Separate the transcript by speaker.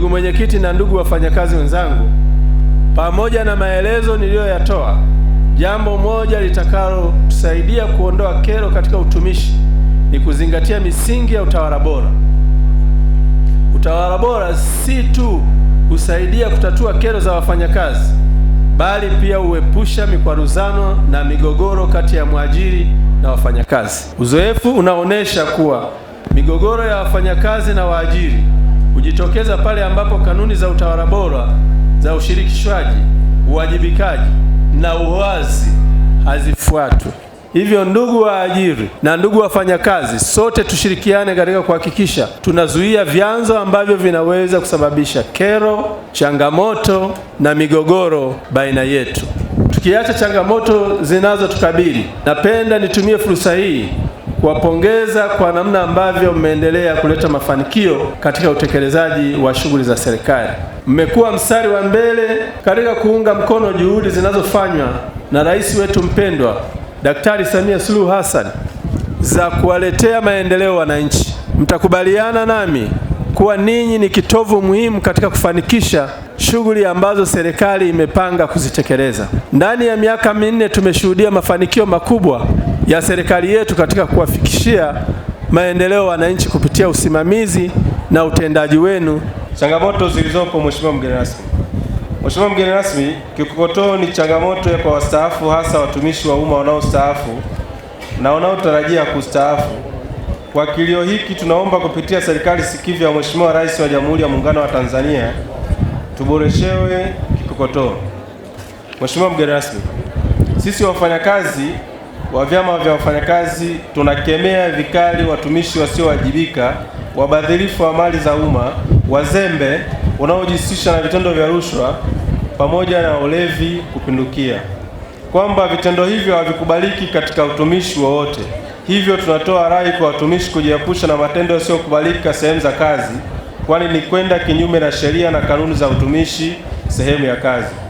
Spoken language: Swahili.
Speaker 1: Ndugu mwenyekiti na ndugu wafanyakazi wenzangu, pamoja na maelezo niliyoyatoa, jambo moja litakalotusaidia kuondoa kero katika utumishi ni kuzingatia misingi ya utawala bora. Utawala bora si tu husaidia kutatua kero za wafanyakazi, bali pia huepusha mikwaruzano na migogoro kati ya mwajiri na wafanyakazi. Uzoefu unaonesha kuwa migogoro ya wafanyakazi na waajiri hujitokeza pale ambapo kanuni za utawala bora za ushirikishwaji, uwajibikaji na uwazi hazifuatwi. Hivyo ndugu waajiri na ndugu wafanyakazi, sote tushirikiane katika kuhakikisha tunazuia vyanzo ambavyo vinaweza kusababisha kero, changamoto na migogoro baina yetu. Tukiacha changamoto zinazotukabili, napenda nitumie fursa hii kuwapongeza kwa namna ambavyo mmeendelea kuleta mafanikio katika utekelezaji wa shughuli za serikali. Mmekuwa mstari wa mbele katika kuunga mkono juhudi zinazofanywa na rais wetu mpendwa Daktari Samia Suluhu Hassan za kuwaletea maendeleo wananchi. Mtakubaliana nami kuwa ninyi ni kitovu muhimu katika kufanikisha shughuli ambazo serikali imepanga kuzitekeleza. Ndani ya miaka minne tumeshuhudia mafanikio makubwa ya serikali yetu katika kuwafikishia maendeleo wananchi kupitia usimamizi na utendaji wenu. Changamoto zilizopo, Mheshimiwa mgeni rasmi. Mheshimiwa mgeni rasmi, kikokotoo ni changamoto kwa wastaafu, hasa watumishi wa umma wanaostaafu na wanaotarajia kustaafu. Kwa kilio hiki, tunaomba kupitia serikali sikivu ya Mheshimiwa Rais wa Jamhuri ya Muungano wa Tanzania tuboreshewe kikokotoo. Mheshimiwa mgeni rasmi, sisi wafanyakazi wa vyama vya wafanyakazi tunakemea vikali watumishi wasiowajibika, wabadhirifu wa mali za umma, wazembe wanaojihusisha na vitendo vya rushwa pamoja na ulevi kupindukia, kwamba vitendo hivyo havikubaliki katika utumishi wowote. Hivyo tunatoa rai kwa watumishi kujiepusha na matendo yasiyokubalika sehemu za kazi, kwani ni kwenda kinyume na sheria na kanuni za utumishi sehemu ya kazi.